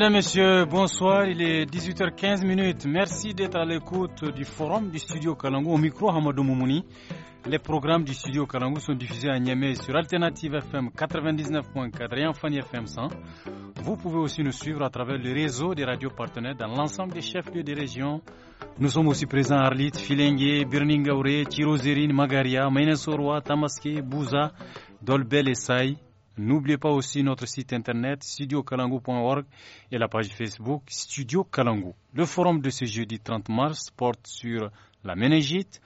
Mesdames, Messieurs, bonsoir. Il est 18h15 minutes. Merci d'être à l'écoute du forum du studio Kalango au micro Hamadou Moumouni. Les programmes du studio Kalango sont diffusés à Niamey sur Alternative FM 99.4 et enfin FM 100. Vous pouvez aussi nous suivre à travers le réseau des radios partenaires dans l'ensemble des chefs-lieux des régions. Nous sommes aussi présents à Arlit, Filengue, Birningaure, Tirozerine, Magaria, Mainesoroa, Tamaské, Bouza, Dolbel et N'oubliez pas aussi notre site internet studiokalangu.org et la page Facebook Studio Kalangu. Le forum de ce jeudi 30 mars porte sur la méningite,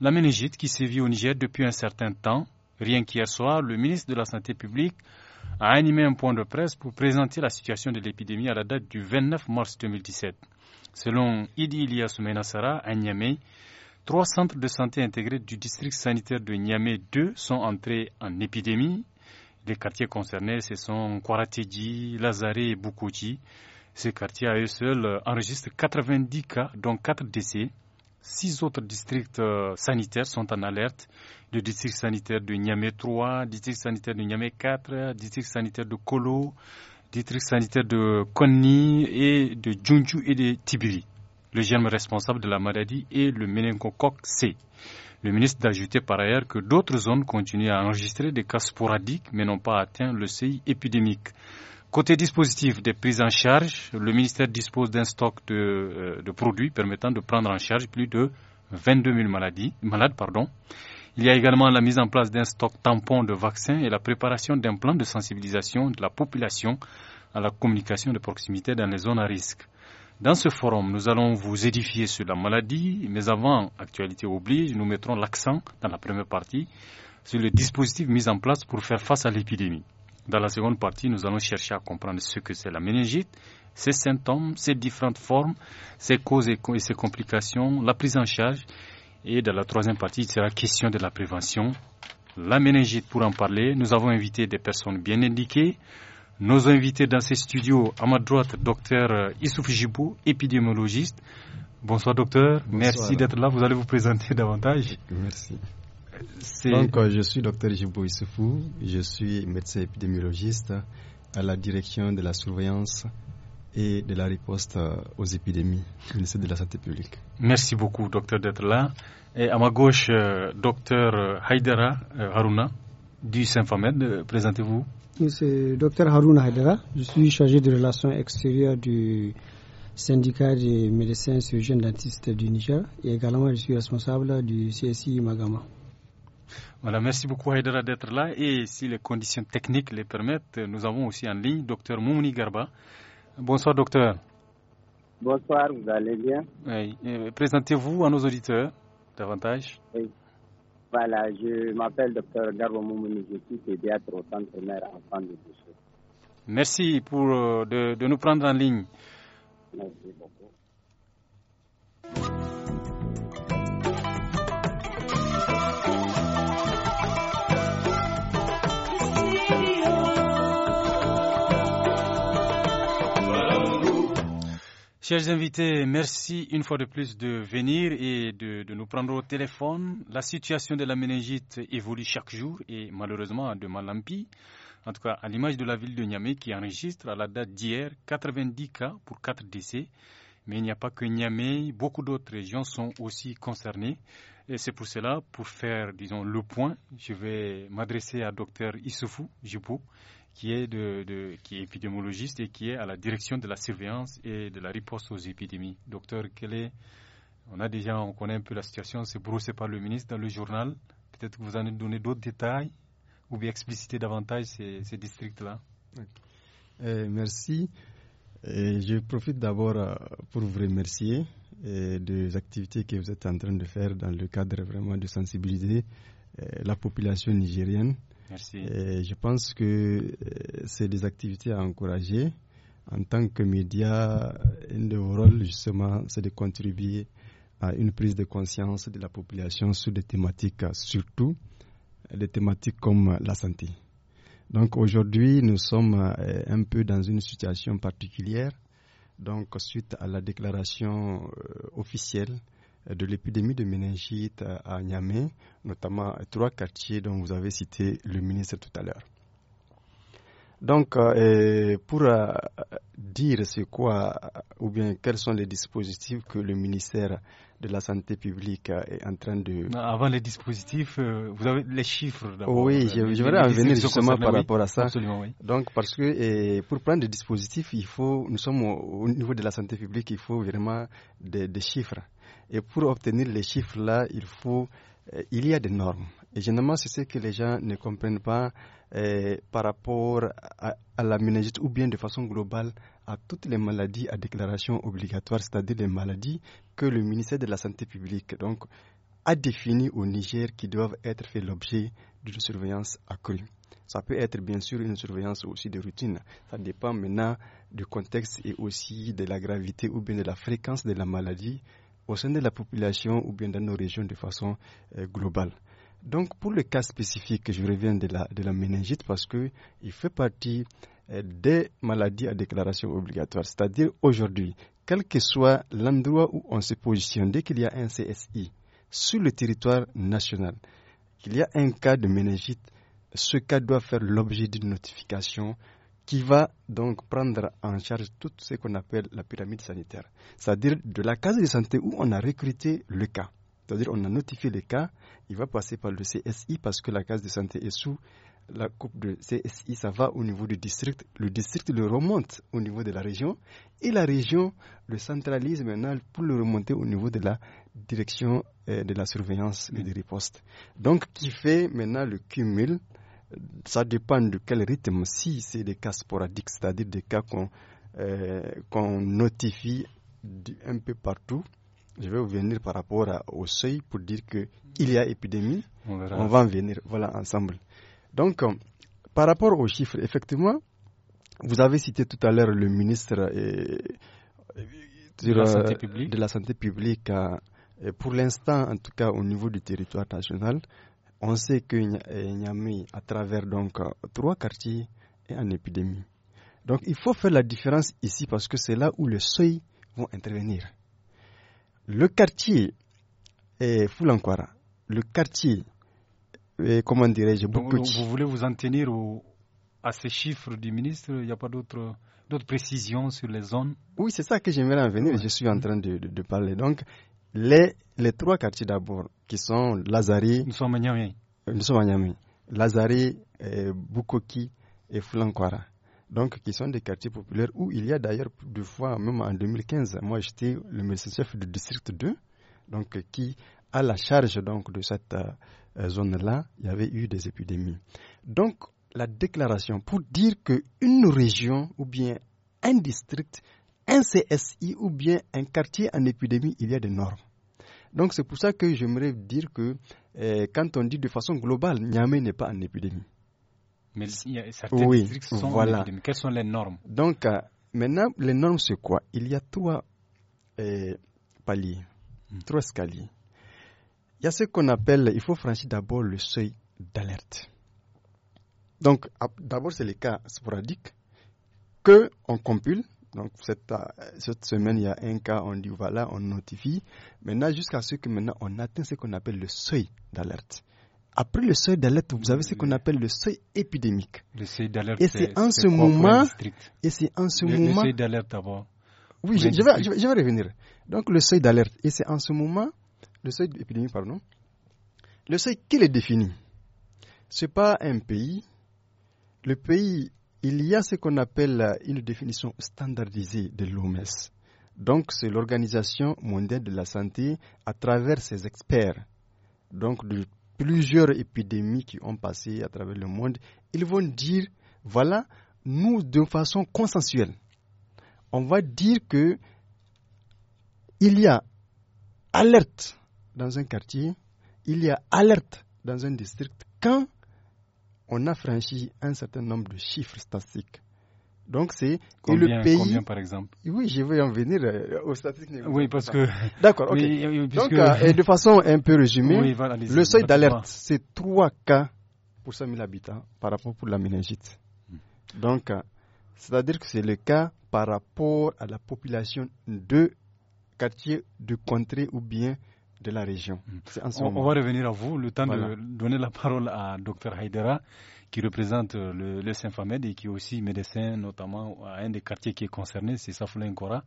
la méningite qui sévit au Niger depuis un certain temps. Rien qu'hier soir, le ministre de la Santé publique a animé un point de presse pour présenter la situation de l'épidémie à la date du 29 mars 2017. Selon Idi Ilias Menassara à Niamey, trois centres de santé intégrés du district sanitaire de Niamey 2 sont entrés en épidémie les quartiers concernés, ce sont Kwarategi, Lazare et Bukoti. Ces quartiers à eux seuls enregistrent 90 cas, dont 4 décès. Six autres districts euh, sanitaires sont en alerte. Le district sanitaire de Niamey 3, le district sanitaire de Niamey 4, district sanitaire de Kolo, district sanitaire de Konni et de Junju et de Tibiri. Le germe responsable de la maladie est le méningocoque C. Le ministre ajouté par ailleurs que d'autres zones continuent à enregistrer des cas sporadiques mais n'ont pas atteint le seuil épidémique. Côté dispositif des prises en charge, le ministère dispose d'un stock de, euh, de, produits permettant de prendre en charge plus de 22 000 malades. Pardon. Il y a également la mise en place d'un stock tampon de vaccins et la préparation d'un plan de sensibilisation de la population à la communication de proximité dans les zones à risque. Dans ce forum, nous allons vous édifier sur la maladie, mais avant, actualité oblige, nous mettrons l'accent dans la première partie sur le dispositif mis en place pour faire face à l'épidémie. Dans la seconde partie, nous allons chercher à comprendre ce que c'est la méningite, ses symptômes, ses différentes formes, ses causes et ses complications, la prise en charge. Et dans la troisième partie, il sera question de la prévention. La méningite, pour en parler, nous avons invité des personnes bien indiquées. Nos invités dans ces studios, à ma droite, docteur euh, Issouf Jibou, épidémiologiste. Bonsoir docteur, merci d'être là, vous allez vous présenter davantage. Merci. Donc euh, je suis docteur Jibou Issoufou, je suis médecin épidémiologiste à la direction de la surveillance et de la réponse euh, aux épidémies du ministère de la Santé publique. Merci beaucoup, docteur, d'être là. Et à ma gauche, docteur Haidara Haruna du Saint-Famed, présentez-vous. Monsieur docteur Haroun Haidara, je suis chargé de relations extérieures du syndicat des médecins chirurgiens dentistes du Niger et également je suis responsable du CSI Magama. Voilà, merci beaucoup Haidara d'être là et si les conditions techniques les permettent, nous avons aussi en ligne docteur Moumouni Garba. Bonsoir docteur. Bonsoir, vous allez bien oui. Euh, présentez-vous à nos auditeurs davantage. Voilà, je m'appelle Dr Garbo Moumouni, je suis pédiatre au centre mère enfant de Boucher. Merci pour, euh, de, de nous prendre en ligne. Merci beaucoup. Chers invités, merci une fois de plus de venir et de, nous prendre au téléphone. La situation de la méningite évolue chaque jour et malheureusement de mal en tout cas à l'image de la ville de Niamey qui enregistre à la date d'hier 90 cas pour 4 décès. Mais il n'y a pas que Niamey, beaucoup d'autres régions sont aussi concernées. Et c'est pour cela, pour faire, disons, le point, je vais m'adresser à Dr Issoufou Jibou, qui est, de, qui est épidémiologiste et qui est à la direction de la surveillance et de la riposte aux épidémies. Docteur, on a déjà, on connaît un peu la situation, c'est brossé par le ministre dans le journal. Peut-être que vous en donnez d'autres détails ou bien expliciter davantage ces, districts-là. Euh, merci. Euh, je profite d'abord euh, pour vous remercier des activités que vous êtes en train de faire dans le cadre vraiment de sensibiliser la population nigérienne euh, je pense que euh, c'est des activités à encourager. En tant que média, un de vos rôles, justement, c'est de contribuer à une prise de conscience de la population sur des thématiques, surtout des thématiques comme la santé. Donc aujourd'hui, nous sommes euh, un peu dans une situation particulière. Donc suite à la déclaration officielle de l'épidémie de méningite à Niamey, notamment trois quartiers dont vous avez cité le ministre tout à l'heure. Donc, euh, pour euh, dire ce quoi euh, ou bien quels sont les dispositifs que le ministère de la Santé publique est en train de... avant les dispositifs, vous avez les chiffres d'abord. Oui, je, voudrais en justement par rapport à ça. Donc, parce que pour prendre des dispositifs, il faut, nous sommes au, niveau de la santé publique, il faut vraiment des chiffres. Et pour obtenir les chiffres-là, il faut, euh, il y a des normes. Et généralement, c'est ce que les gens ne comprennent pas euh, par rapport à, la ménagite ou bien de façon globale à toutes les maladies à déclaration obligatoire, c'est-à-dire les maladies que le ministère de la Santé publique donc, a définies au Niger qui doivent être fait l'objet d'une surveillance accrue. Ça peut être bien sûr une surveillance aussi de routine. Ça dépend maintenant du contexte et aussi de la gravité ou bien de la fréquence de la maladie au sein de la population ou bien dans nos régions de façon euh, globale. Donc pour le cas spécifique, je reviens de la, de méningite parce qu'il fait partie euh, des maladies à déclaration obligatoire. C'est-à-dire aujourd'hui, quel que soit l'endroit où on se positionne, dès qu'il y a un CSI sur le territoire national, qu'il y a un cas de méningite, ce cas doit faire l'objet d'une notification qui va donc prendre en charge tout ce qu'on appelle la pyramide sanitaire, c'est-à-dire de la case de santé où on a recruté le cas. C'est-à-dire on a notifié le cas, il va passer par le CSI parce que la case de santé est sous la coupe de CSI, ça va au niveau du district. Le district le remonte au niveau de la région et la région le centralise maintenant pour le remonter au niveau de la direction euh, de la surveillance et des ripostes. Donc qui fait maintenant le cumul ça dépend de quel rythme. Si c'est des cas sporadiques, c'est-à-dire des cas qu'on euh, notifie un peu partout, je vais venir par rapport au seuil pour dire qu'il y a épidémie. On, va en venir, voilà, ensemble. Donc, euh, par rapport aux chiffres, effectivement, vous avez cité tout à l'heure le ministre euh, euh, de, la santé publique. pour l'instant, en tout cas au niveau du territoire national, on sait que Niamey, euh, à travers donc euh, trois quartiers, est en épidémie. Donc il faut faire la différence ici parce que c'est là où les seuils vont intervenir. Le quartier est Foulankwara. Le quartier, est, comment dirais-je, Vous voulez vous en tenir à ces chiffres du ministre Il n'y a pas d'autres précisions sur les zones Oui, c'est ça que j'aimerais en venir. Je suis en train de, parler. Donc, les trois quartiers d'abord, qui sont Lazari. Euh, Bukoki et Fulankwara. Donc, qui sont des quartiers populaires où il y a d'ailleurs deux fois, même en 2015, moi j'étais le médecin-chef du district 2, donc qui à la charge donc de cette euh, zone-là, il y avait eu des épidémies. Donc, la déclaration pour dire qu'une région ou bien un district, un CSI ou bien un quartier en épidémie, il y a des normes. Donc c'est pour ça que j'aimerais dire que eh, quand on dit de façon globale, Niamey n'est pas en épidémie. Mais il y a certaines oui, sont voilà. en épidémie. Quelles sont les normes Donc euh, maintenant, les normes c'est quoi Il y a trois eh, paliers, hmm. trois escaliers. Il y a ce qu'on appelle, il faut franchir d'abord le seuil d'alerte. Donc d'abord c'est les cas sporadiques que on compile donc cette, euh, cette, semaine, il y a un cas, on dit voilà, on notifie. Maintenant, jusqu'à ce que maintenant on atteint ce qu'on appelle le seuil d'alerte. Après le seuil d'alerte, vous avez ce qu'on appelle le seuil épidémique. Le seuil d'alerte. Et c'est en ce moment. Et c'est en ce le, moment. Le seuil d'alerte d'abord. Oui, je, vais, je, vais, je, vais, revenir. Donc le seuil d'alerte. Et c'est en ce moment, le seuil épidémique, pardon. Le seuil qui le définit. C'est pas un pays. Le pays il y a ce qu'on appelle une définition standardisée de l'OMS. Donc, c'est l'Organisation mondiale de la santé à travers ses experts. Donc, de plusieurs épidémies qui ont passé à travers le monde, ils vont dire, voilà, nous, de façon consensuelle, on va dire que il y a alerte dans un quartier, il y a alerte dans un district quand on a franchi un certain nombre de chiffres statistiques. Donc c'est le pays. Combien par exemple Oui, je vais en venir euh, aux statistiques. Oui, parce que. D'accord. ok. Donc euh, de façon un peu résumée, le seuil d'alerte c'est 3 cas pour 100 000 habitants par rapport pour la méningite. Hmm. Donc euh, c'est-à-dire que c'est le cas par rapport à la population de quartier, de contrée ou bien de la région. Mm. On, va revenir à vous, le temps de donner la parole à Dr Haidera, qui représente euh, le, le Saint-Famed et qui est aussi médecin, notamment à un des quartiers qui est concerné, c'est Safoulin Kora.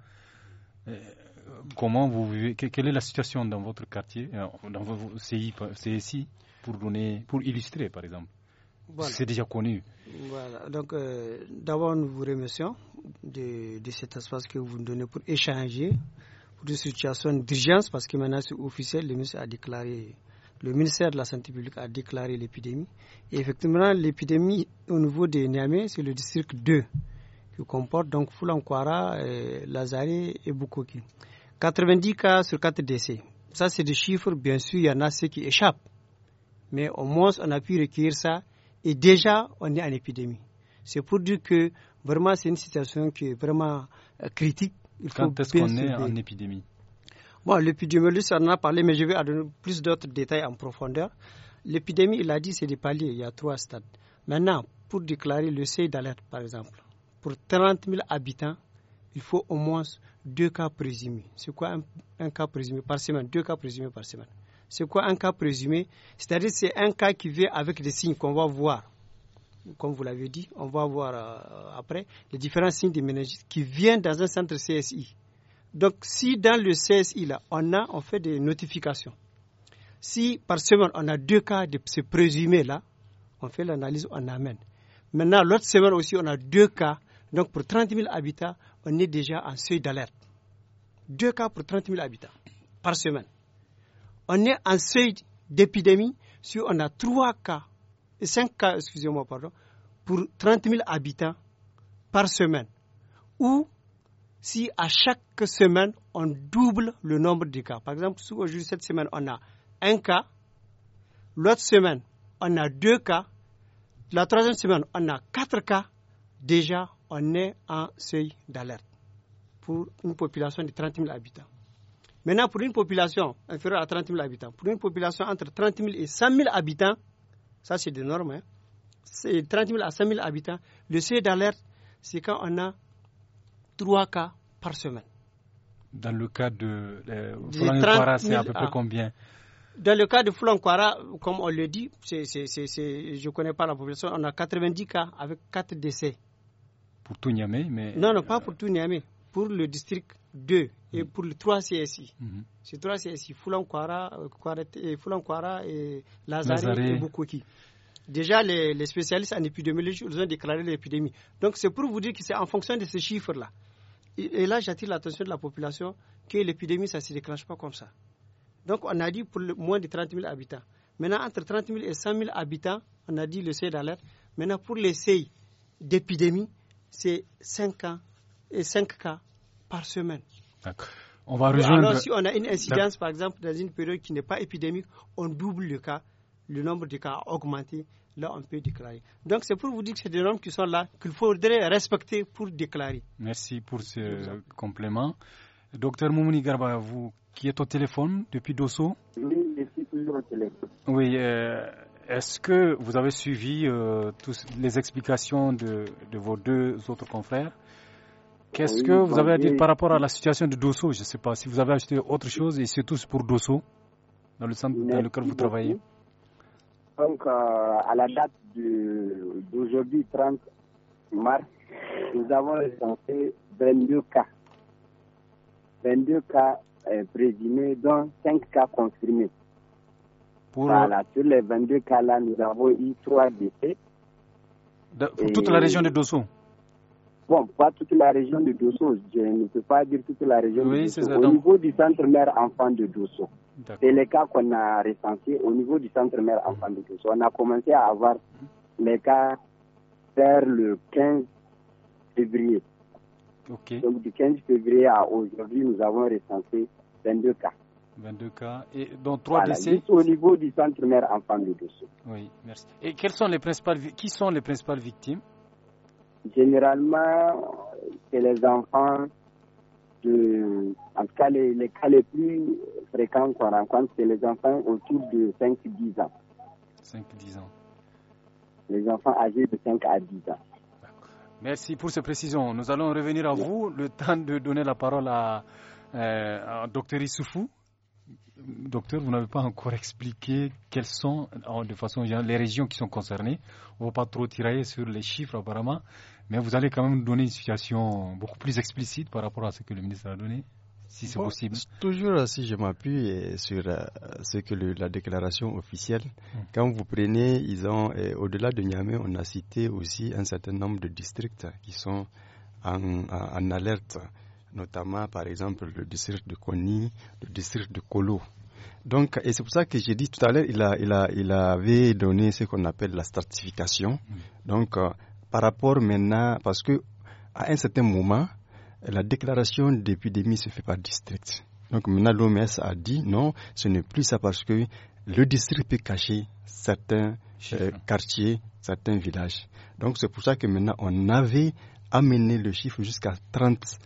Euh, comment vous vivez Quelle est la situation dans votre quartier, euh, dans votre CSI, pour, donner, pour illustrer, par exemple C'est déjà connu. Donc, d'abord, nous vous remercions de, de, cet espace que vous nous donnez pour échanger de situation d'urgence parce que maintenant c'est officiel, le ministère a déclaré, le ministère de la Santé publique a déclaré l'épidémie. Et effectivement, l'épidémie au niveau de Niamey, c'est le district 2 qui comporte donc Foulankwara euh, Lazare et Bukoki. 90 cas sur 4 décès. Ça, c'est des chiffres, bien sûr, il y en a ceux qui échappent. Mais au moins, on a pu recueillir ça et déjà, on est en épidémie. C'est pour dire que vraiment, c'est une situation qui est vraiment euh, critique quand est-ce qu'on est en épidémie Bon, ça en a parlé, mais je vais donner plus d'autres détails en profondeur. L'épidémie, il a dit, c'est des paliers, il y a trois stades. Maintenant, pour déclarer le seuil d'alerte, par exemple, pour 30 000 habitants, il faut au moins deux cas présumés. C'est quoi un, cas présumé par semaine Deux cas présumés par semaine. C'est quoi un cas présumé C'est-à-dire c'est un cas qui vient avec des signes qu'on va voir comme vous l'avez dit, on va voir euh, après, les différents signes de méningite qui viennent dans un centre CSI. Donc, si dans le CSI, on on fait des notifications. Si par semaine, on a deux cas de ce présumé-là, on fait l'analyse, on amène. Maintenant, l'autre semaine aussi, on a deux cas. Donc, pour 30 000 habitants, on est déjà en seuil d'alerte. Deux cas pour 30 000 habitants par semaine. On est en seuil d'épidémie si on a trois cas 5 cas, excusez-moi, pardon, pour 30 000 habitants par semaine. Ou si à chaque semaine, on double le nombre de cas. Par exemple, si aujourd'hui, cette semaine, on a un cas, l'autre semaine, on a deux cas, la troisième semaine, on a quatre cas, déjà, on est en seuil d'alerte pour une population de 30 000 habitants. Maintenant, pour une population inférieure à 30 000 habitants, pour une population entre 30 000 et 100 000 habitants, ça, c'est des normes. Hein. C'est 30 000 à 5 000 habitants. Le seuil d'alerte, c'est quand on a 3 cas par semaine. Dans le cas de euh, c'est à peu près combien Dans le cas de Foulan comme on le dit, je ne connais pas la population, on a 90 cas avec 4 décès. Pour tout Niamey mais... Non, non, pas pour tout Niamey pour le district 2 et mm. pour le 3 CSI. C'est Ces 3 CSI, Foulan-Kouara et Lazare, et Bukoki. Déjà, les, spécialistes en épidémiologie, ils ont déclaré l'épidémie. Donc, c'est pour vous dire que c'est en fonction de ces chiffres-là. Et, là, j'attire l'attention de la population que l'épidémie, ça ne se déclenche pas comme ça. Donc, on a dit pour le, moins de 30 000 habitants. Maintenant, entre 30 000 et 100 000 habitants, on a dit le seuil d'alerte. Maintenant, pour les seuils d'épidémie, c'est 5 ans et 5 cas par semaine. On va rejoindre... Alors, si on a une incidence, par exemple, dans une période qui n'est pas épidémique, on double le cas, le nombre de cas a augmenté, là, on peut déclarer. Donc, c'est pour vous dire que c'est des normes qui sont là, qu'il faudrait respecter pour déclarer. Merci pour ce complément. Docteur Moumouni Garba, vous qui êtes au téléphone depuis Dosso Oui, je toujours au téléphone. Oui, euh, est-ce que vous avez suivi euh, les explications de vos deux autres confrères Qu'est-ce que vous avez à dire par rapport à la situation de Dosso Je ne sais pas si vous avez acheté autre chose et c'est tout pour Dosso, dans le centre dans lequel vous travaillez. Donc, euh, à la date d'aujourd'hui, 30 mars, nous avons recensé 22 cas. 22 cas euh, présumés, dont 5 cas confirmés. Pour... Voilà, sur les 22 cas-là, nous avons eu 3 décès. pour toute la région de Dosso Bon, pas toute la région de Dosso, je ne peux pas dire toute la région oui, au niveau du centre-mère enfant de Dosso, c'est les cas qu'on a recensés au niveau du centre-mère enfant de Dosso. On a commencé à avoir les cas vers le 15 février. Donc du 15 février à aujourd'hui, nous avons recensé 22 cas. 22 cas, et dont 3 voilà, décès juste au niveau du centre-mère enfant de Dosso. Oui, merci. Et quels sont les principales, qui sont les principales victimes Généralement, c'est les enfants de, en tout cas, les, cas les plus fréquents qu'on rencontre, c'est les enfants autour de 5-10 ans. 5-10 ans. Les enfants âgés de 5 à 10 ans. Merci pour ces précisions. Nous allons revenir à vous, le temps de donner la parole à, euh, à Dr Issoufou docteur, vous n'avez pas encore expliqué quelles sont, de façon générale, les régions qui sont concernées. On ne va pas trop tirailler sur les chiffres apparemment, mais vous allez quand même donner une situation beaucoup plus explicite par rapport à ce que le ministre a donné, si c'est possible. Toujours, si je m'appuie euh, sur euh, ce que la déclaration officielle, hmm. quand vous prenez, ils ont, euh, au-delà de Niamey, on a cité aussi un certain nombre de districts qui sont en alerte notamment par exemple le district de Kony, le district de Kolo. Donc, et c'est pour ça que j'ai dit tout à l'heure, il, a, il, a, il avait donné ce qu'on appelle la stratification. Mm. Donc, euh, par rapport maintenant, parce que à un certain moment, la déclaration d'épidémie se fait par district. Donc maintenant, l'OMS a dit non, ce n'est plus ça parce que le district peut cacher certains euh, quartiers, certains villages. Donc c'est pour ça que maintenant, on avait amené le chiffre jusqu'à 30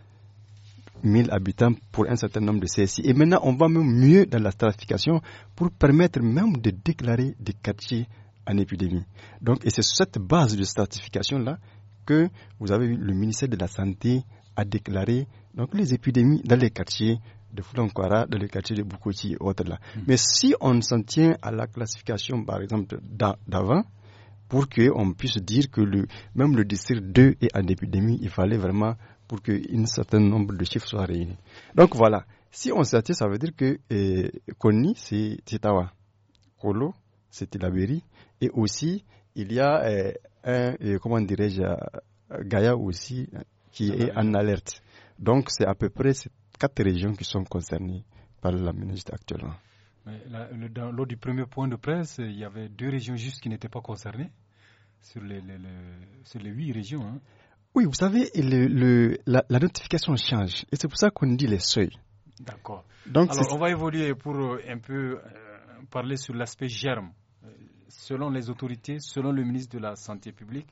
1000 habitants pour un certain nombre de CSI. Et maintenant, on va même mieux dans la stratification pour permettre même de déclarer des quartiers en épidémie. Donc, et c'est sur cette base de stratification-là que vous avez vu le ministère de la Santé a déclaré donc, les épidémies dans les quartiers de Fulankwara, dans les quartiers de Bukoti et autres là. Hmm. Mais si on s'en tient à la classification, par exemple, d'avant, pour qu'on puisse dire que le, même le district 2 est en épidémie, il fallait vraiment pour qu'un certain nombre de chiffres soient réunis. Donc voilà, si on s'attire, ça veut dire que euh, Koni, c'est Titawa, Kolo, c'est Tilaberi, et aussi il y a euh, un, euh, comment dirais-je, Gaïa aussi, qui est en alerte. Donc c'est à peu près ces quatre régions qui sont concernées par la menace actuellement. dans, lors du premier point de presse, il y avait deux régions juste qui n'étaient pas concernées sur les, sur les huit régions. Hein. Oui, vous savez, le, la, notification change et c'est pour ça qu'on dit les seuils. D'accord. Alors, on va évoluer pour euh, un peu euh, parler sur l'aspect germe. Euh, selon les autorités, selon le ministre de la Santé publique,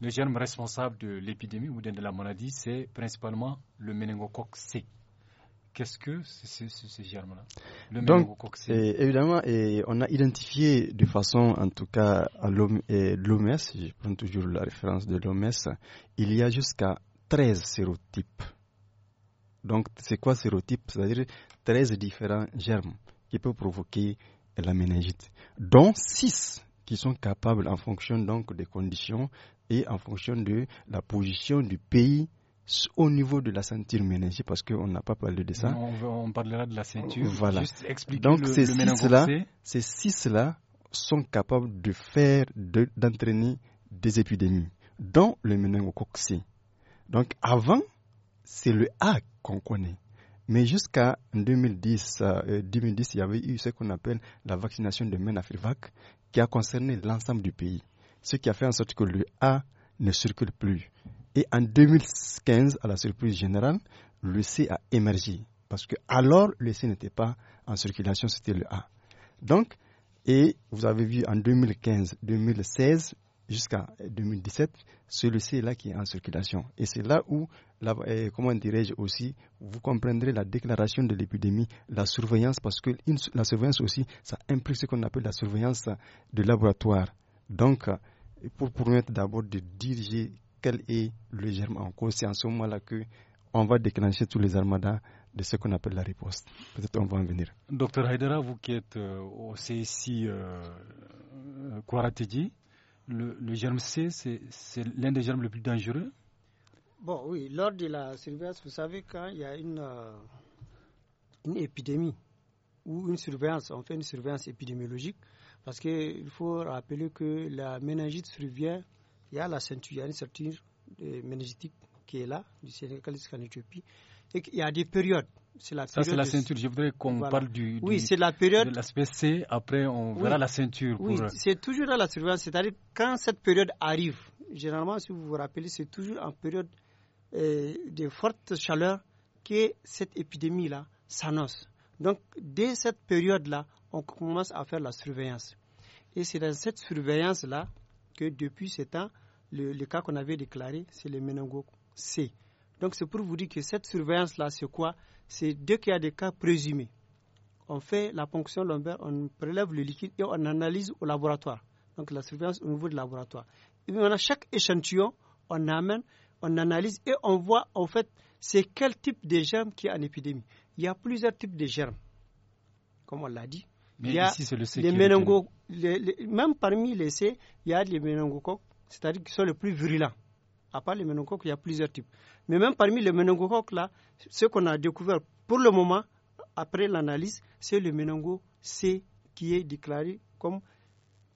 le germe responsable de l'épidémie ou de la maladie, c'est principalement le méningocoque C. Qu'est-ce que c'est ces germes là Donc, évidemment, on a identifié de façon, en tout cas, à l'OMS, je prends toujours la référence de l'OMS, il y a jusqu'à 13 sérotypes. Donc, c'est quoi sérotype C'est-à-dire 13 différents germes qui peuvent provoquer la méningite, dont 6 qui sont capables, en fonction donc des conditions et en fonction de la position du pays au niveau de la ceinture méningée, parce qu'on n'a pas parlé de ça. on, parlera de la ceinture. Voilà. Donc ces six-là, sont capables de faire, d'entraîner des épidémies, dont le méningocoque Donc avant, c'est le A qu'on connaît. Mais jusqu'à 2010, 2010, euh, il y avait eu ce qu'on appelle la vaccination de Menafrivac qui a concerné l'ensemble du pays. Ce qui a fait en sorte que le A ne circule plus. Et en 2015, à la surprise générale, le C a émergé. Parce que alors, le C n'était pas en circulation, c'était le A. Donc, et vous avez vu en 2015, 2016 jusqu'à 2017, c'est le C là qui est en circulation. Et c'est là où, eh, comment dirais-je aussi, vous comprendrez la déclaration de l'épidémie, la surveillance, parce que la surveillance aussi, ça implique ce qu'on appelle la surveillance de laboratoire. Donc, pour permettre d'abord de diriger quel est le germe en cause. C'est en ce moment-là que on va déclencher tous les armadas de ce qu'on appelle la riposte. Peut-être on va en venir. Docteur Haidera, vous qui êtes euh, au CSI euh, euh le, germe C, c'est l'un des germes les plus dangereux Bon, oui, lors de la surveillance, vous savez, quand il y a une, euh, une épidémie ou une surveillance, on fait une surveillance épidémiologique, parce qu'il faut rappeler que la méningite survient il y a la ceinture, il y a une ceinture euh, ménagétique qui est là, du Sénégal jusqu'en Éthiopie. Et il y a des périodes. ça, c'est la ceinture. Je voudrais qu'on parle du, oui, c'est la période... de l'aspect C. Après, on verra la ceinture. Oui, euh, c'est toujours dans la surveillance. C'est-à-dire, quand cette période arrive, généralement, si vous vous rappelez, c'est toujours en période euh, de forte chaleur que cette épidémie-là s'annonce. Donc, dès cette période-là, on commence à faire la surveillance. Et c'est dans cette surveillance-là que depuis ce temps, le, cas qu'on avait déclaré, c'est le méningocoque C. Donc c'est pour vous dire que cette surveillance-là, c'est quoi C'est dès qu'il y a des cas présumés, on fait la ponction lombaire, on prélève le liquide et on analyse au laboratoire. Donc la surveillance au niveau du laboratoire. Et on a chaque échantillon, on amène, on analyse et on voit en fait c'est quel type de germe qui est en épidémie. Il y a plusieurs types de germes, comme on l'a dit. il y a les même parmi les C, il y a les méningocoques, c'est-à-dire qui sont les plus virulents. À part les méningocoques, il y a plusieurs types. Mais même parmi les méningocoques, là, ce qu'on a découvert pour le moment, après l'analyse, c'est le méningo C qui est déclaré comme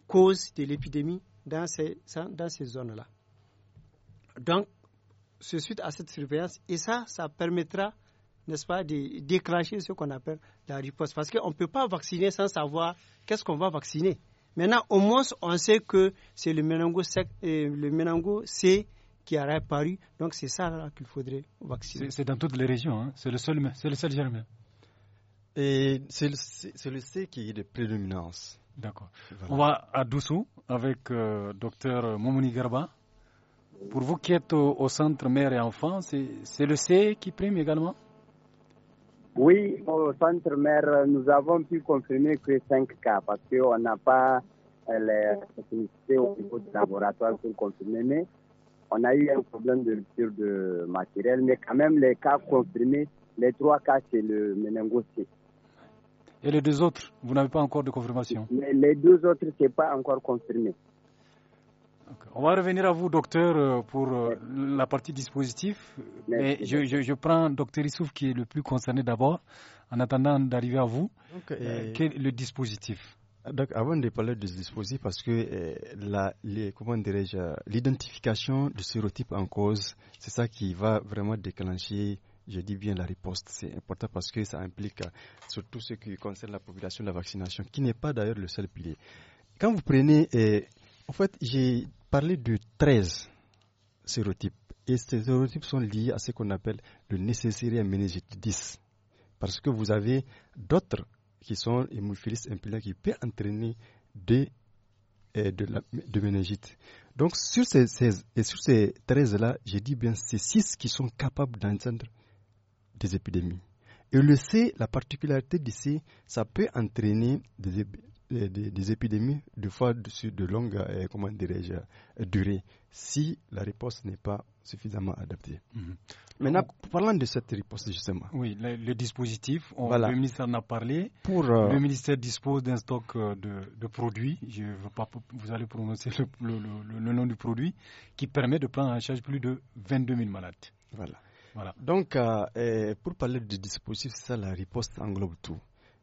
cause de l'épidémie dans ces, dans ces zones-là. Donc, c'est suite à cette surveillance, et ça, ça permettra n'est-ce pas, de déclencher ce qu'on appelle la riposte. Parce qu'on ne peut pas vacciner sans savoir qu'est-ce qu'on va vacciner. Maintenant, au moins, on sait que c'est le méningo C, euh, le C qui a réapparu. Donc, c'est ça qu'il faudrait vacciner. C'est dans toutes les régions. Hein. C'est le seul, c'est le seul germe. Et c'est le, C qui est de prédominance. D'accord. On va à Doussou avec euh, docteur Momouni Garba. Pour vous qui êtes au, au centre mère et enfant, c'est le C qui prime également oui, au centre mère, nous avons pu confirmer que 5 cas parce qu'on n'a pas euh, les possibilités au niveau du laboratoire pour confirmer, mais on a eu un problème de rupture de matériel, mais quand même les cas confirmés, les trois cas, c'est le méningocé. Et les deux autres, vous n'avez pas encore de confirmation Les deux autres, ce n'est pas encore confirmé. On va revenir à vous, docteur, euh, pour euh, la partie dispositif. Mais je, je, je, prends docteur Issouf qui est le plus concerné d'abord, en attendant d'arriver à vous. Euh, quel le dispositif donc, avant de parler de dispositif, parce que l'identification du sérotype en cause, c'est ça qui va vraiment déclencher, je dis bien la riposte. C'est important parce que ça implique surtout ce qui concerne la population de la vaccination, qui n'est pas d'ailleurs le seul pilier. Quand vous prenez en fait, j'ai parlé de 13 sérotypes. Et ces sérotypes sont liés à ce qu'on appelle le nécessaire méningite 10. Parce que vous avez d'autres qui sont hémophilistes impliqués qui peut entraîner des, euh, de, la, méningite. Donc, sur ces, et sur ces 13-là, j'ai dit bien c'est 6 qui sont capables d'entendre des épidémies. Et le C, la particularité d'ici ça peut entraîner des, des, épidémies, des fois de longue durée euh, comment dirais-je, euh, si la réponse n'est pas suffisamment adaptée. Mhm. Maintenant, parlons parlant de cette réponse, justement. Oui, le, dispositif, le ministère en a parlé. Pour, euh, le ministère dispose d'un stock de, produits, je veux pas, vous allez prononcer le, nom du produit, qui permet de prendre en charge plus de 22 000 malades. Voilà. voilà. Donc, pour parler du dispositif, ça, la réponse englobe tout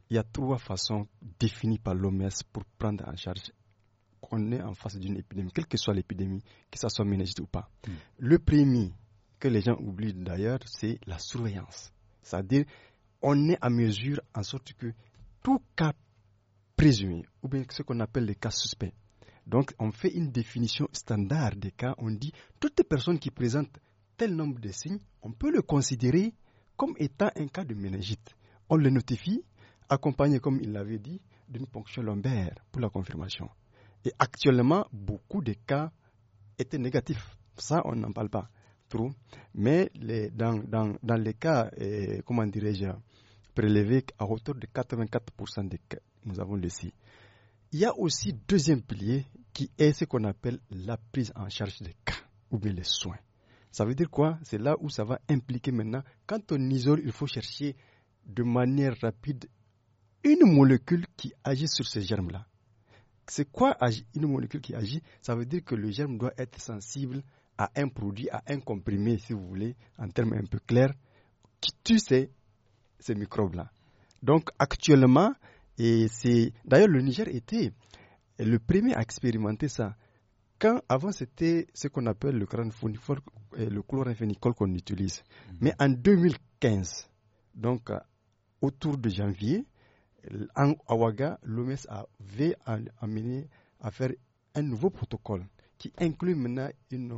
il y a trois façons définies par l'OMS pour prendre en charge qu'on est en face d'une épidémie, quelle que soit l'épidémie, que ça soit ménagite ou pas. Hmm. Le premier que les gens oublient d'ailleurs, c'est la surveillance. C'est-à-dire, on est à mesure en sorte que tout cas présumé, ou bien ce qu'on appelle les cas suspects, donc, on fait une définition standard des cas. On dit toutes les personnes qui présentent tel nombre de signes, on peut le considérer comme étant un cas de méningite. On le notifie, accompagné, comme il l'avait dit, d'une ponction lombaire pour la confirmation. Et actuellement, beaucoup de cas étaient négatifs. Ça, on n'en parle pas trop. Mais les, dans, dans, dans, les cas, eh, comment dirais-je, prélevés à hauteur de 84% des cas, nous avons le si. Il y a aussi deuxième pilier qui est ce qu'on appelle la prise en charge des cas, ou bien les soins. Ça veut dire quoi C'est là où ça va impliquer maintenant. Quand on isole, il faut chercher de manière rapide une molécule qui agit sur ce germe-là. C'est quoi une molécule qui agit Ça veut dire que le germe doit être sensible à un produit, à un comprimé, si vous voulez, en termes un peu clairs, qui tue ces, ces microbes-là. Donc actuellement, et c'est d'ailleurs le Niger était le premier à expérimenter ça. Quand avant c'était ce qu'on appelle le chlorinfénicol, qu'on utilise. Mmh. Mais en 2015, donc euh, autour de janvier, en, à l'OMS avait amené à faire un nouveau protocole qui inclut maintenant une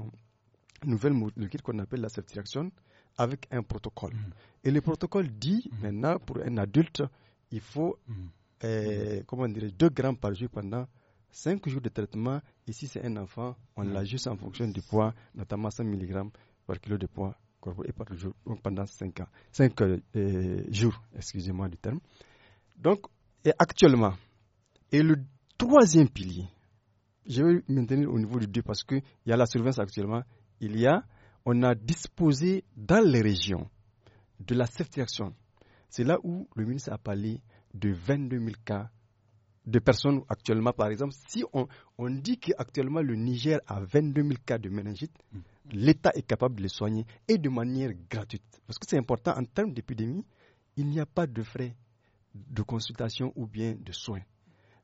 nouvelle molécule qu'on appelle la subtraction avec un protocole. Mm. Et le protocole dit mm. maintenant pour un adulte, il faut mm. euh, comment dire, 2 grammes par jour pendant 5 jours de traitement. Ici, si c'est un enfant, on l'ajuste en fonction du poids, notamment 5 mg par kilo de poids corporel par jour, pendant 5 ans, euh, jours, excusez-moi du terme. Donc, et actuellement, et le troisième pilier, je vais maintenir au niveau du deux, parce qu'il y a la surveillance actuellement, il y a, on a disposé dans les régions de la safety action. C'est là où le ministre a parlé de 22 000 cas de personnes actuellement, par exemple, si on, dit qu'actuellement le Niger a 22 000 cas de méningite, mm. l'État est capable de les soigner et de manière gratuite. Parce que c'est important, en termes d'épidémie, il n'y a pas de frais de consultation ou bien de soins.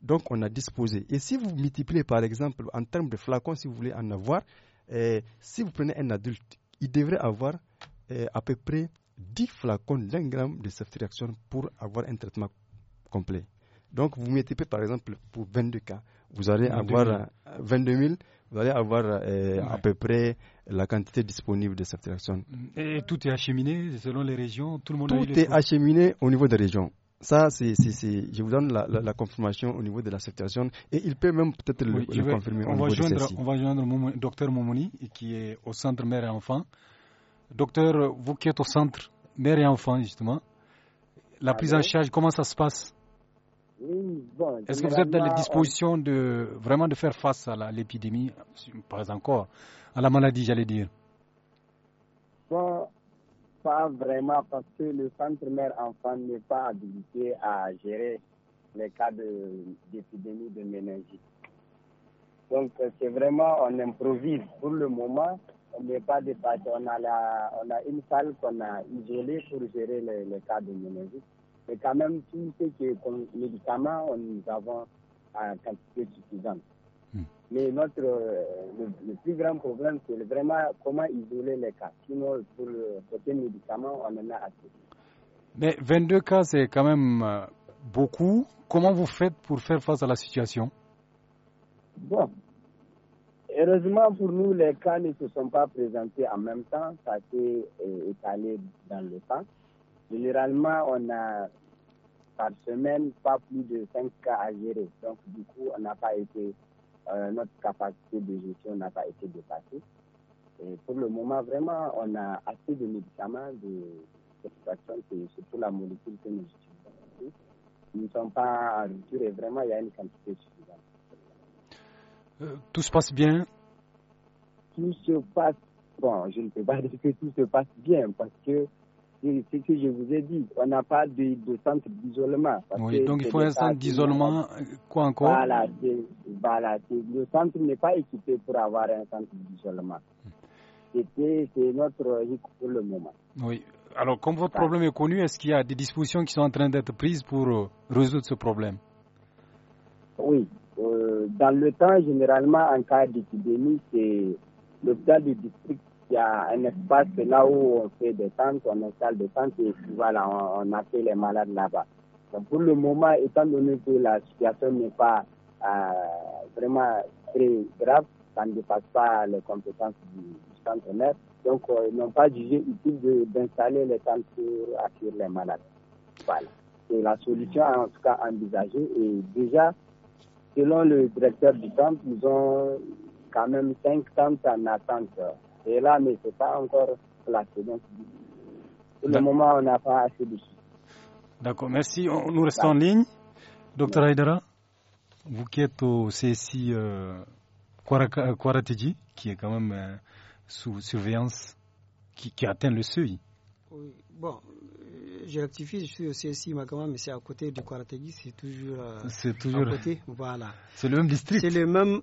Donc, on a disposé. Et si vous multipliez, par exemple, en termes de flacons, si vous voulez en avoir, eh, si vous prenez un adulte, il devrait avoir eh, à peu près 10 flacons d'un gramme de réaction pour avoir un traitement complet. Donc, vous multipliez, par exemple, pour 22 cas, vous allez avoir 22 000, euh, vous allez avoir eh, à peu près la quantité disponible de subtraction. Et tout est acheminé selon les régions Tout, le monde tout est acheminé au niveau des régions. Ça, c'est, je vous donne la, confirmation au niveau de la situation et il peut même peut-être le, confirmer. On, va joindre, on va joindre docteur Momoni qui est au centre mère et enfant. Docteur, vous qui êtes au centre mère et enfant, justement, la prise en charge, comment ça se passe Est-ce que vous êtes dans la disposition de vraiment de faire face à l'épidémie, pas encore, à la maladie, j'allais dire pas vraiment parce que le centre mère-enfant n'est pas habilité à gérer les cas d'épidémie de, de méningite. Donc euh, c'est vraiment, on improvise pour le moment. On n'est pas dépassé. On a, la, on a une salle qu'on a isolée pour gérer les, les cas de méningite. Mais quand même, tout ce qui est comme médicaments, on, nous avons un quantité suffisante. Mais notre, euh, le, plus grand problème, c'est vraiment comment isoler les cas. Sinon, pour le côté médicaments, on en a assez. Mais 22 cas, c'est quand même euh, beaucoup. Comment vous faites pour faire face à la situation Bon. Heureusement pour nous, les cas ne se sont pas présentés en même temps. Ça s'est euh, étalé dans le temps. Généralement, on a par semaine pas plus de 5 cas à gérer. Donc, du coup, on n'a pas été euh, notre capacité de gestion n'a pas été dépassée. Et pour le moment, vraiment, on a assez de médicaments de satisfaction, c'est surtout la molécule que nous utilisons. Nous ne sommes pas en rupture et vraiment, il y a une quantité suffisante. Euh, tout se passe bien Tout se passe, bon, je ne peux pas dire que tout se passe bien parce que c'est ce que je vous ai dit. On n'a pas de, centre d'isolement. donc il faut un centre d'isolement. Quoi encore Voilà, le centre n'est pas équipé pour avoir un centre d'isolement. C'est notre risque pour le moment. Oui. Alors, comme votre problème est connu, est-ce qu'il y a des dispositions qui sont en train d'être prises pour euh, résoudre ce problème Oui. Euh, dans le temps, généralement, en cas d'épidémie, c'est l'hôpital du district il y a un espace là où on fait des tentes, on installe des tentes et voilà, on, accueille les malades là-bas. Donc pour le moment, étant donné que la situation n'est pas euh, vraiment très grave, ça ne dépasse pas les compétences du, centre-mère, donc euh, ils n'ont pas jugé utile d'installer les tentes pour accueillir les malades. Voilà. C'est la solution en tout cas envisagée et déjà, selon le directeur du centre, ils ont quand même cinq tentes en attente. Et là, mais c'est pas encore placé. Donc, le moment, on n'a pas assez de D'accord, merci. On, nous restons en ligne. Docteur Aydara, vous qui êtes au CSI euh, euh qui est quand même euh, sous surveillance, qui, qui atteint le seuil. Oui, bon, je rectifie, je suis au CSI mais c'est à côté du Kwarategui, euh, c'est toujours, à côté. Voilà. C'est le même district. C'est le même,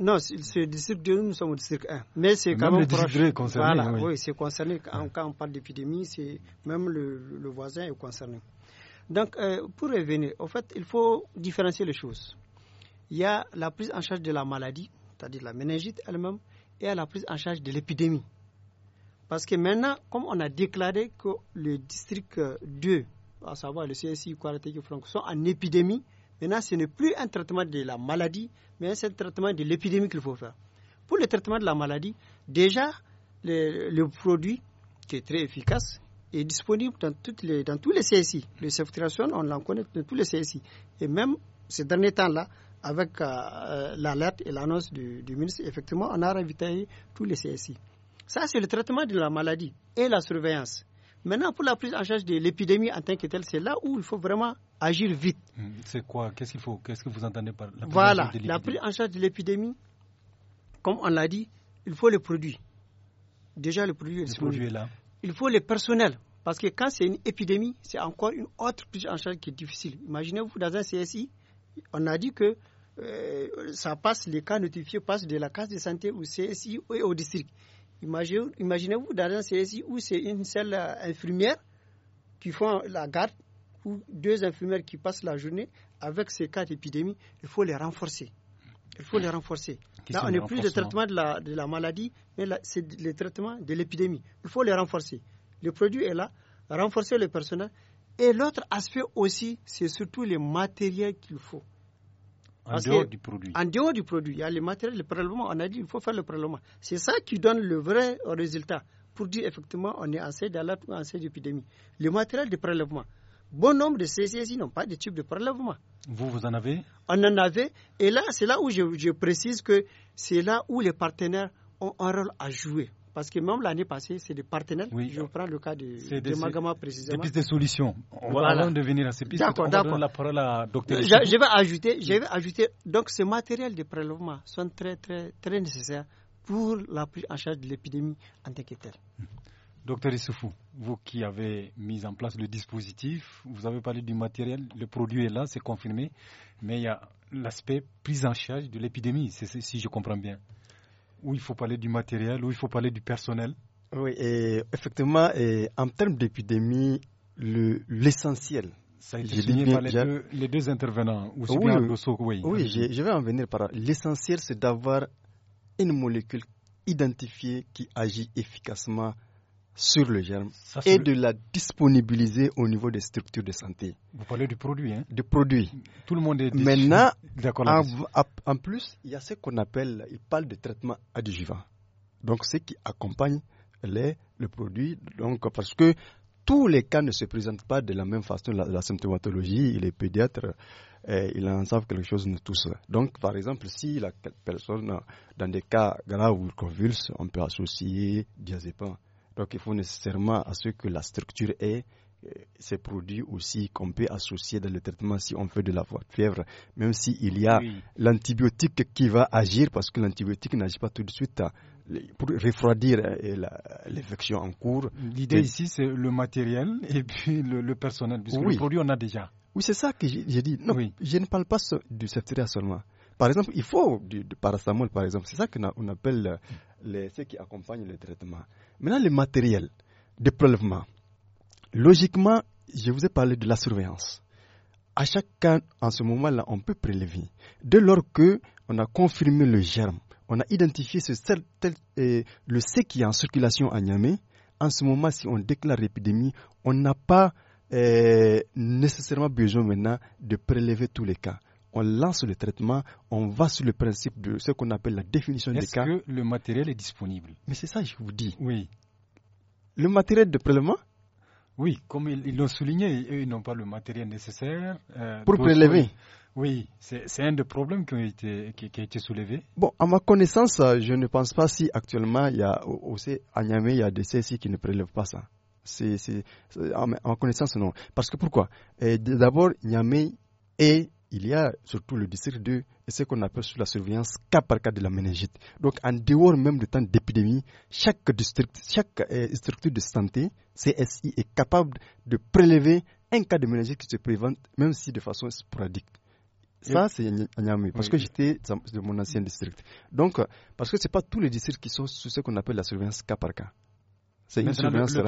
non, c'est le district 2, nous sommes au district 1. Mais c'est quand même, le proche. concerné. Voilà, oui, c'est concerné. Quand, on parle d'épidémie, c'est même le, voisin est concerné. Donc, euh, pour revenir, en fait, il faut différencier les choses. Il y a la prise en charge de la maladie, c'est-à-dire la méningite elle-même, et la prise en charge de l'épidémie. Parce que maintenant, comme on a déclaré que le district 2, à savoir le CSI le Franco, sont en épidémie, maintenant ce n'est plus un traitement de la maladie, mais c'est un traitement de l'épidémie qu'il faut faire. Pour le traitement de la maladie, déjà, le, produit qui est très efficace, est disponible dans, tous les CSI. Le saturation, on l'en connaît dans tous les CSI. Et même ces derniers temps-là, avec euh, euh, l'alerte et l'annonce du, du, ministre, effectivement, on a ravitaillé tous les CSI. Ça, c'est le traitement de la maladie et la surveillance. Maintenant, pour la prise en charge de l'épidémie en tant que telle, c'est là où il faut vraiment agir vite. Hmm. C'est quoi Qu'est-ce qu'il faut Qu'est-ce que vous entendez par la prise en charge de la prise en charge de l'épidémie, comme on l'a dit, il faut les produits. Déjà, le produit Déjà le produit là. Il faut les personnels. Parce que quand c'est une épidémie, c'est encore une autre prise en charge qui est difficile. Imaginez-vous dans un CSI, on a dit que euh, ça passe, les cas notifiés passent de la case de santé au CSI et au district. Imaginez-vous dans un CSI où c'est une seule infirmière qui fait la garde ou deux infirmières qui passent la journée avec ces cas d'épidémie, il faut les renforcer. Il faut les renforcer. Là, on n'est plus le traitement de la, de la maladie, mais c'est le traitement de l'épidémie. Il faut les renforcer. Le produit est là, renforcer le personnel. Et l'autre aspect aussi, c'est surtout les matériels qu'il faut. En dehors du produit. En dehors du produit. Il y a les matériels, de prélèvement. On a dit qu'il faut faire le prélèvement. C'est ça qui donne le vrai résultat pour dire effectivement on est assez d'alerte ou assez d'épidémie. Le matériel de prélèvement. Bon nombre de CCSI n'ont pas de type de prélèvement. Vous, vous en avez On en avait. Et là, c'est là où je précise que c'est là où les partenaires ont un rôle à jouer. Parce que même l'année passée, c'est des partenaires. Je prends le cas de, de Magama précisément. Des pistes de solutions. On va avant de venir à ces pistes. D'accord, d'accord. la parole à docteur. Je, je, vais ajouter, je vais ajouter. Donc, ces matériels de prélèvement sont très, très, très nécessaires pour la prise en charge de l'épidémie en tant que telle. Docteur Issoufou, vous qui avez mis en place le dispositif, vous avez parlé du matériel, le produit est là, c'est confirmé, mais il y a l'aspect prise en charge de l'épidémie, si je comprends bien où il faut parler du matériel, où il faut parler du personnel. Oui, et effectivement, en termes d'épidémie, l'essentiel. ça a été souligné par les deux, intervenants, oui, oui. je, je, vais en venir par là. L'essentiel, c'est d'avoir une molécule identifiée qui agit efficacement sur le germe et de la disponibiliser au niveau des structures de santé. Vous parlez du produit, hein Du produit. Tout le monde est Maintenant, en, plus, il y a ce qu'on appelle, il parle de traitement adjuvant. Donc, ce qui accompagne les, le produit. Donc, parce que tous les cas ne se présentent pas de la même façon. La, symptomatologie, les pédiatres, eh, ils en savent quelque chose, nous tous. Donc, par exemple, si la personne, dans des cas graves ou convulses, on peut associer diazépam donc il faut nécessairement à ce que la structure ait ces euh, produits aussi qu'on peut associer dans le traitement si on fait de la fièvre, même s'il y a l'antibiotique qui va agir, parce que l'antibiotique n'agit pas tout de suite hein, pour refroidir euh, l'infection en cours. L'idée ici, c'est le matériel et puis le, personnel, puisque oui. le on a déjà. Oui, c'est ça que j'ai dit. Non, je ne parle pas du secteur seulement. Par exemple, il faut du, parasamol, par exemple. C'est ça qu'on appelle euh, les, ceux qui accompagnent le traitement. Maintenant, le matériel de prélèvement. Logiquement, je vous ai parlé de la surveillance. À chaque cas, en ce moment-là, on peut prélever. Dès lors que on a confirmé le germe, on a identifié ce tel, euh, le C qui est en circulation à Niamey, en ce moment, si on déclare l'épidémie, on n'a pas euh, nécessairement besoin maintenant de prélever tous les cas on lance le traitement, on va sur le principe de ce qu'on appelle la définition des cas. Est-ce que le matériel est disponible Mais c'est ça, je vous dis. Oui. Le matériel de prélèvement Oui, comme ils l'ont souligné, eux, ils n'ont pas le matériel nécessaire. Euh, pour prélever Oui, c'est un des problèmes qui, ont été, qui, a été soulevé. Bon, à ma connaissance, euh, je ne pense pas si actuellement, il y a, aussi, à Niamey, il y a des CSI qui ne prélèvent pas ça. C'est, en, connaissance, non. Parce que pourquoi D'abord, Niamey est il y a surtout le district 2 et ce qu'on appelle sous la surveillance cas par cas de la méningite. Donc en dehors même de temps d'épidémie, chaque district, chaque euh, structure de santé, CSI, est capable de prélever un cas de méningite qui se prévente, même si de façon sporadique. Ça, c'est Niamey, parce que j'étais de mon ancien district. Donc, parce que ce n'est pas tous les districts qui sont sous ce qu'on appelle la surveillance cas par cas. C'est une surveillance le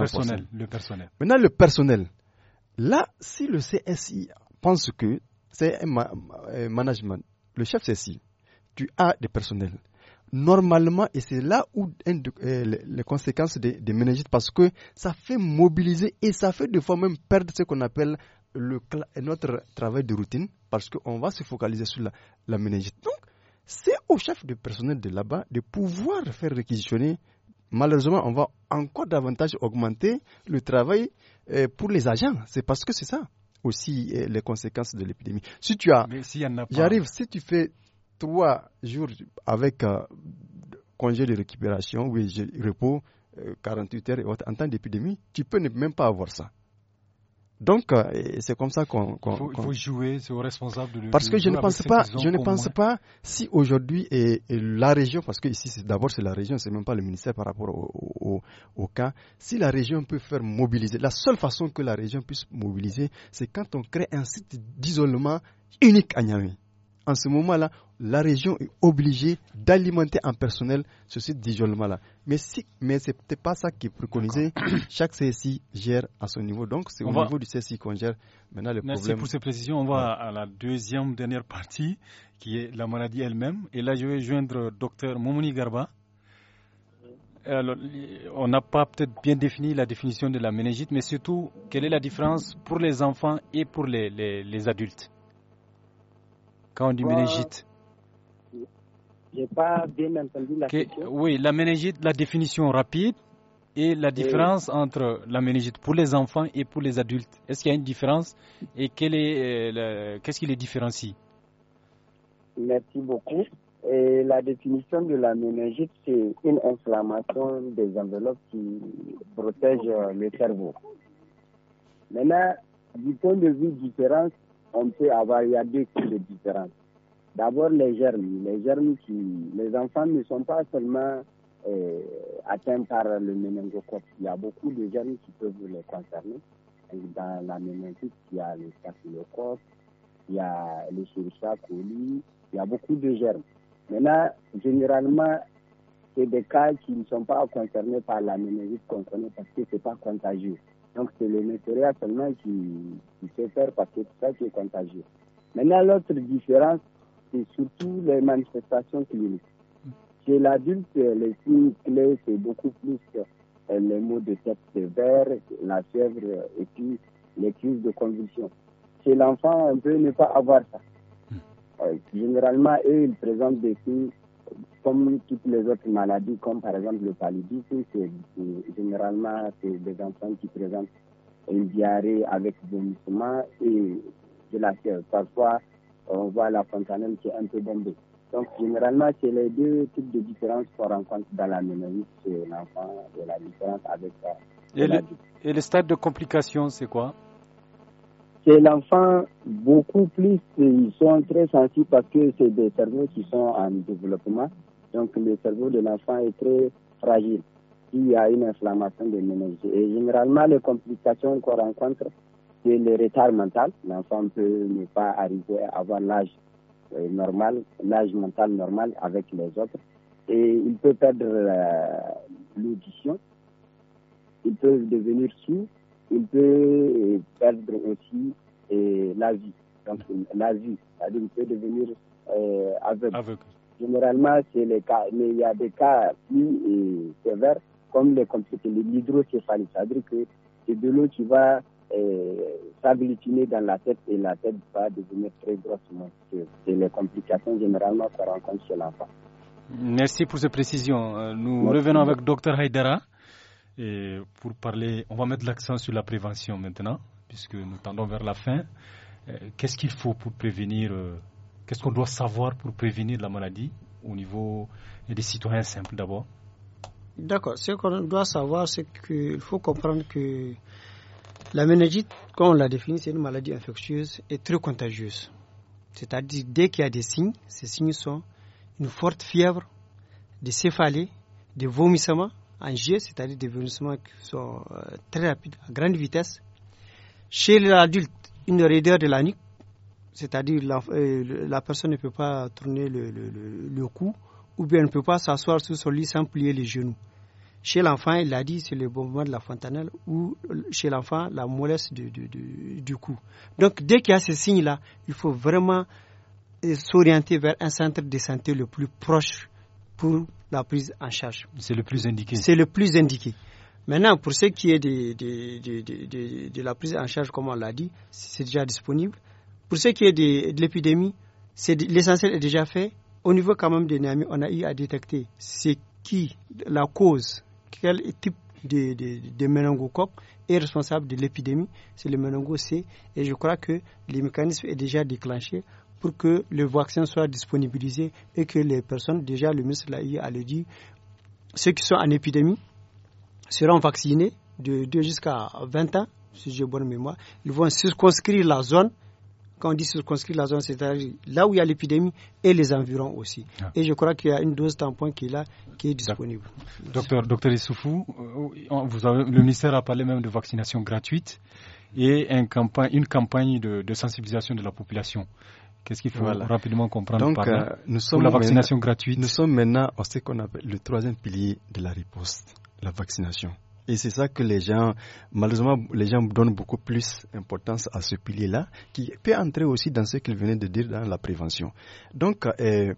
personnel. Maintenant, le personnel. Là, si le CSI pense que c'est un euh, management. Le chef, c'est si. Tu as des personnels. Normalement, et c'est là où euh, les conséquences des, des parce que ça fait mobiliser et ça fait de fois même perdre ce qu'on appelle le, notre travail de routine, parce qu'on va se focaliser sur la, la Donc, c'est au chef de personnel de là-bas de pouvoir faire réquisitionner. Malheureusement, on va encore davantage augmenter le travail euh, pour les agents. C'est parce que c'est ça aussi eh, les conséquences de l'épidémie. Si tu as, j'arrive, si tu fais trois jours avec euh, congé de récupération, oui, repos, 48 euh, heures et autres, en temps d'épidémie, tu peux même pas avoir ça. Donc, euh, c'est comme ça qu'on. il, faut jouer, c'est au responsable de Parce que je ne pense pas, si aujourd'hui et, la région, parce que ici, d'abord, c'est la région, c'est même pas le ministère par rapport au, cas. Si la région peut faire mobiliser, la seule façon que la région puisse mobiliser, c'est quand on crée un site d'isolement unique à Niamey en ce moment-là, la région est obligée d'alimenter en personnel ce site d'isolement-là. Mais si, mais c'était pas ça qui est préconisé. Chaque CSI gère à son niveau. Donc, c'est au niveau du CSI qu'on gère maintenant le Merci pour ces précisions. On va à la deuxième, dernière partie, qui est la maladie elle-même. Et là, je vais joindre docteur Momouni Garba. on n'a pas peut-être bien défini la définition de la méningite, mais surtout, quelle est la différence pour les enfants et pour les adultes quand on Oui, la méningite, la définition rapide et la différence entre la méningite pour les enfants et pour les adultes. Est-ce qu'il y a une différence et euh, qu'est-ce qui les différencie Merci beaucoup. Et la définition de la méningite, c'est une inflammation des enveloppes qui protègent le cerveau. Maintenant, du point de vue différence, on peut avoir, il y a deux types de différences. D'abord, les germes. Les germes qui, les enfants ne sont pas seulement euh, atteints par le méningocoque. Il y a beaucoup de germes qui peuvent les concerner. Dans la méningite, il y a le staphylocoque, il y a le chirurgia coli, il y a beaucoup de germes. Maintenant, généralement, c'est des cas qui ne sont pas concernés par la méningite concernée parce que ce n'est pas contagieux. Donc c'est le nettoyage seulement qui, se sait faire parce que ça c'est contagieux. Maintenant l'autre différence, c'est surtout les manifestations cliniques. Chez l'adulte, les signes clés, c'est beaucoup plus euh, les maux de tête sévères, la fièvre euh, et puis les crises de convulsion. Chez l'enfant, on peut ne pas avoir ça. Euh, généralement, eux, ils présentent des signes comme toutes les autres maladies, comme par exemple le paludisme, c'est généralement des enfants qui présentent une diarrhée avec mouvements et de la fièvre. Parfois, on voit la fontanelle qui est un peu bombée. Donc, généralement, c'est les deux types de différences qu'on rencontre dans la ménopause, chez l'enfant et la différence avec euh, la. et, et le stade de complication, c'est quoi c'est l'enfant beaucoup plus, ils sont très sensibles parce que c'est des cerveaux qui sont en développement. Donc le cerveau de l'enfant est très fragile Il y a une inflammation de l'énergie. Et généralement, les complications qu'on rencontre, c'est le retard mental. L'enfant peut ne pas arriver à avoir l'âge euh, normal, l'âge mental normal avec les autres. Et il peut perdre euh, l'audition, il peut devenir sourd, il peut perdre aussi et eh, la vie. Donc, la vie, c'est-à-dire qu'il peut devenir eh, aveugle. Généralement, c'est les cas, mais il y a des cas plus eh, sévères, comme les l'hydrocéphalie, c'est-à-dire que c'est de l'eau qui va s'agglutiner dans la tête et la tête va devenir très grosse. C'est les complications généralement qu'on rencontre chez l'enfant. Merci pour ces précisions. Euh, nous revenons avec Dr Haidara. Et pour parler, on va mettre l'accent sur la prévention maintenant, puisque nous tendons vers la fin. Euh, qu'est-ce qu'il faut pour prévenir euh, Qu'est-ce qu'on doit savoir pour prévenir la maladie au niveau des citoyens simples d'abord D'accord. Ce qu'on doit savoir, c'est qu'il faut comprendre que la méningite, comme on la définit, c'est une maladie infectieuse et très contagieuse. C'est-à-dire, dès qu'il y a des signes, ces signes sont une forte fièvre, des céphalées, des vomissements, en G, c'est-à-dire des vieillissements qui sont euh, très rapides, à grande vitesse. Chez l'adulte, une raideur de la nuque, c'est-à-dire la, euh, personne ne peut pas tourner le, cou ou bien ne peut pas s'asseoir sur son lit sans plier les genoux. Chez l'enfant, il a dit, c'est le moment de la fontanelle ou euh, chez l'enfant, la mollesse du, du, cou. Donc, dès qu'il y a ces signes-là, il faut vraiment s'orienter vers un centre de santé le plus proche pour la prise en charge. C'est le plus indiqué. C'est le plus indiqué. Maintenant, pour ce qui est de, de, de, la prise en charge, comme on l'a dit, c'est déjà disponible. Pour ce qui est de, l'épidémie, l'essentiel est déjà fait. Au niveau quand même de Néami, on a eu à détecter c'est qui, la cause, quel type de, de, est responsable de l'épidémie. C'est le méningo C. Et je crois que les mécanismes est déjà déclenché pour que le vaccin soit disponibilisé et que les personnes, déjà le ministre l'a dit, ceux qui sont en épidémie seront vaccinés de 2 jusqu'à 20 ans, si j'ai bonne mémoire. Ils vont circonscrire la zone. Quand on dit circonscrire la zone, c'est-à-dire là où il y a l'épidémie et les environs aussi. Ah. Et je crois qu'il y a une dose tampon qui est là, qui est disponible. Docteur, docteur Issoufou, euh, le ministère a parlé même de vaccination gratuite et une campagne de sensibilisation de la population. Qu'est-ce qu'il faut rapidement comprendre par là, euh, nous sommes pour la vaccination gratuite Nous sommes maintenant on ce qu'on appelle le troisième pilier de la riposte, la vaccination. Et c'est ça que les gens, malheureusement, les gens donnent beaucoup plus d'importance à ce pilier-là, qui peut entrer aussi dans ce qu'il venait de dire dans la prévention. Donc, euh,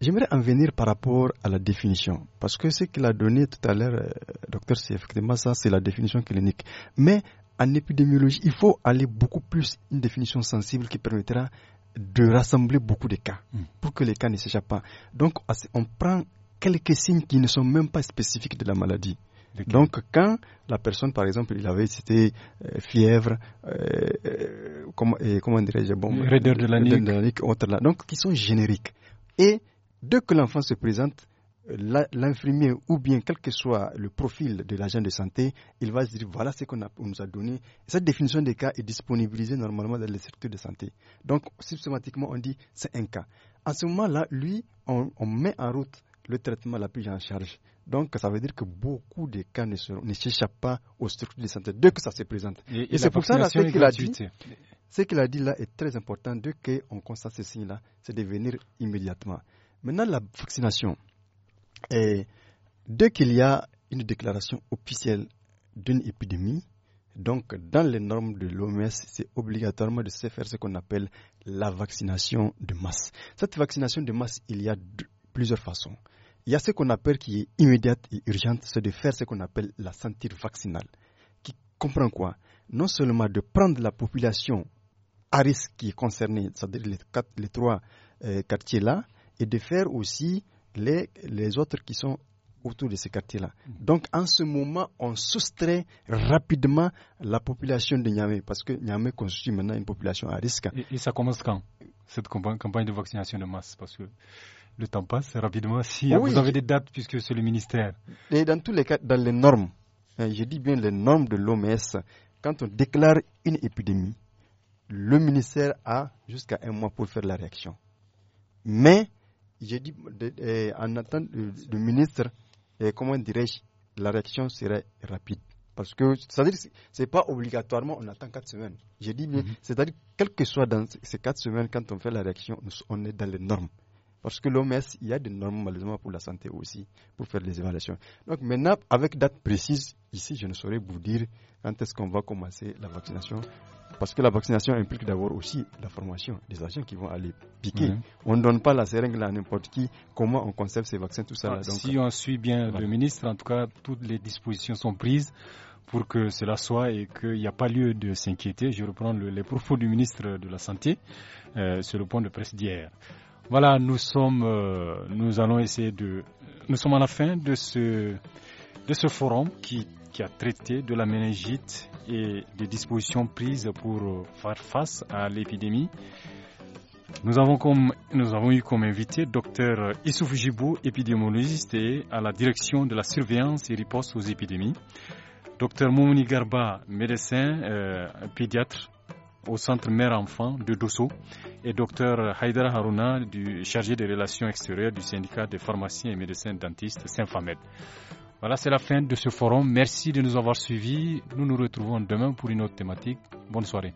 j'aimerais en venir par rapport à la définition, parce que ce qu'il a donné tout à l'heure, euh, docteur, c'est effectivement ça, c'est la définition clinique. Mais en épidémiologie, il faut aller beaucoup plus une définition sensible qui permettra de rassembler beaucoup de cas hmm. pour que les cas ne s'échappent pas. Donc, on prend quelques signes qui ne sont même pas spécifiques de la maladie. Donc, quand la personne, par exemple, il avait cité euh, fièvre, euh, euh, comment, dirais-je, bon, raideur de la nuque, donc qui sont génériques. Et dès que l'enfant se présente, l'infirmier ou bien quel que soit le profil de l'agent de santé, il va se dire voilà ce qu'on nous a donné. Cette définition des cas est disponibilisée normalement dans les structures de santé. Donc, systématiquement, on dit c'est un cas. À ce moment-là, lui, on, met en route le traitement, la prise en charge. Donc, ça veut dire que beaucoup de cas ne, s'échappent pas aux structures de santé dès que ça se présente. Et, c'est pour ça là, ce qu'il a dit. Ce qu'il a dit là est très important. Dès qu'on constate ces signes-là, c'est de venir immédiatement. Maintenant, la vaccination. Et dès qu'il y a une déclaration officielle d'une épidémie, donc dans les normes de l'OMS, c'est obligatoirement de se faire ce qu'on appelle la vaccination de masse. Cette vaccination de masse, il y a plusieurs façons. Il y a ce qu'on appelle qui est immédiate et urgente, c'est de faire ce qu'on appelle la santé vaccinale, qui comprend quoi Non seulement de prendre la population à risque qui est concernée, c'est-à-dire les, trois euh, quartiers-là, et de faire aussi les, autres qui sont autour de ces quartiers-là. Donc, en ce moment, on soustrait rapidement la population de Niamey, parce que Niamey constitue maintenant une population à risque. Et, ça commence quand, cette campagne de vaccination de masse Parce que le temps passe rapidement. Si vous avez des dates, puisque c'est le ministère. Et dans tous les cas, dans les normes, hein, je dis bien les normes de l'OMS, quand on déclare une épidémie, le ministère a jusqu'à un mois pour faire la réaction. Mais j'ai dit, eh, en attendant euh, le ministre, eh, comment dirais-je, la réaction serait rapide. Parce que, c'est-à-dire, c'est pas obligatoirement, on attend quatre semaines. J'ai dit mhm. c'est-à-dire, quel que soit dans ces quatre semaines, quand on fait la réaction, on est dans les normes. Parce que l'OMS, il y a des normes malheureusement pour la santé aussi, pour faire les évaluations. Donc maintenant, avec date précise, ici, je ne saurais vous dire quand est-ce qu'on va commencer la vaccination. Parce que la vaccination implique d'abord aussi la formation des agents qui vont aller piquer. On ne donne pas la seringue à n'importe qui. Comment on conserve ces vaccins, tout ça. Ah, si on suit bien le ministre, en tout cas, toutes les dispositions sont prises pour que cela soit et qu'il n'y a pas lieu de s'inquiéter. Je reprends les propos du ministre de la Santé euh, sur le point de presse d'hier. Voilà, nous sommes, euh, nous allons essayer de, nous sommes à la fin de ce, de ce forum qui, qui a traité de la méningite et des dispositions prises pour euh, faire face à l'épidémie. Nous avons, comme, nous avons eu comme invité Dr Issouf Jibou, épidémiologiste et à la direction de la surveillance et riposte aux épidémies. Dr Moumouni Garba, médecin, euh, pédiatre au centre mère-enfant de Dosso et docteur Haïdar Haruna du, chargé des relations extérieures du syndicat des pharmaciens et médecins dentistes Saint-Famed. Voilà, c'est la fin de ce forum. Merci de nous avoir suivis. Nous nous retrouvons demain pour une autre thématique. Bonne soirée.